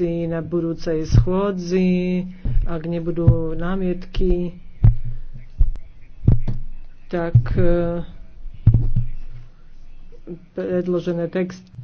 veci na budúcej schôdzi, ak nebudú námietky, tak eh, predložené texty